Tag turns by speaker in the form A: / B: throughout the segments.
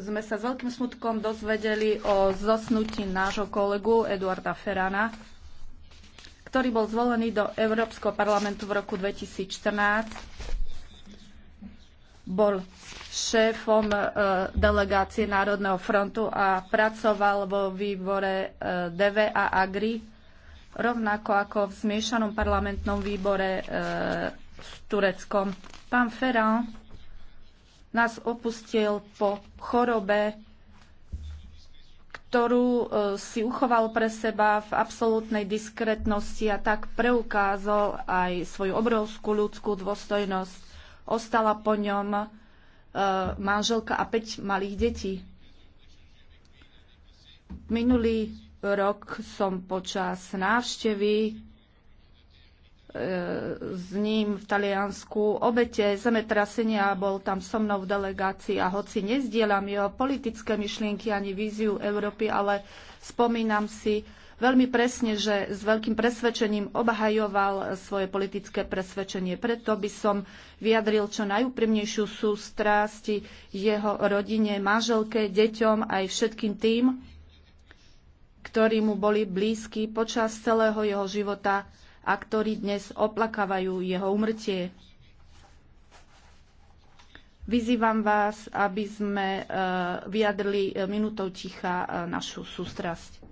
A: sme sa s veľkým smutkom dozvedeli o zosnutí nášho kolegu Eduarda Ferana, ktorý bol zvolený do Európskeho parlamentu v roku 2014. Bol šéfom e, delegácie Národného frontu a pracoval vo výbore e, DV a Agri, rovnako ako v zmiešanom parlamentnom výbore e, s Tureckom. Pán Ferran nás opustil po chorobe, ktorú e, si uchoval pre seba v absolútnej diskretnosti a tak preukázal aj svoju obrovskú ľudskú dôstojnosť. Ostala po ňom e, manželka a päť malých detí. Minulý rok som počas návštevy E, s ním v Taliansku obete zemetrasenia, bol tam so mnou v delegácii a hoci nezdielam jeho politické myšlienky ani víziu Európy, ale spomínam si veľmi presne, že s veľkým presvedčením obhajoval svoje politické presvedčenie. Preto by som vyjadril čo najúprimnejšiu sústrasti jeho rodine, manželke, deťom aj všetkým tým, ktorí mu boli blízki počas celého jeho života a ktorí dnes oplakávajú jeho umrtie. Vyzývam vás, aby sme eh, vyjadrili minútou ticha eh, našu sústrasť.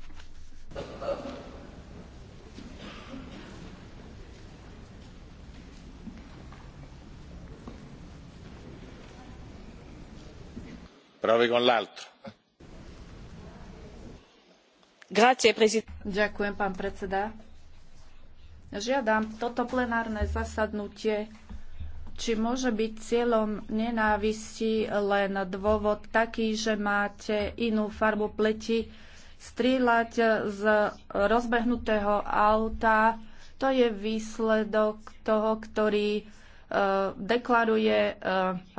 A: Ďakujem, pán predseda. Žiadam toto plenárne zasadnutie, či môže byť cieľom nenávisti len dôvod taký, že máte inú farbu pleti, strieľať z rozbehnutého auta, to je výsledok toho, ktorý Eh, deklaruje eh,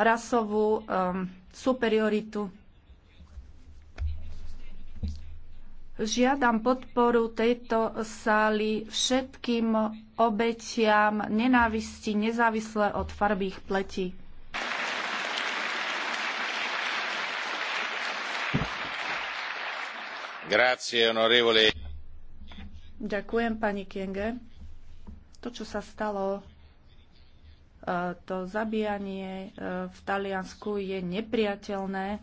A: rasovú eh, superioritu. Žiadam podporu tejto sály všetkým obetiam nenávisti nezávisle od farby ich pleti. Grazie, Ďakujem pani Kienge. To, čo sa stalo to zabíjanie e, v Taliansku je nepriateľné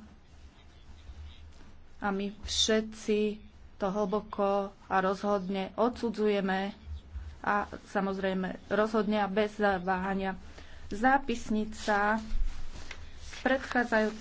A: a my všetci to hlboko a rozhodne odsudzujeme a samozrejme rozhodne a bez váhania. Zápisnica z predchádzajúcej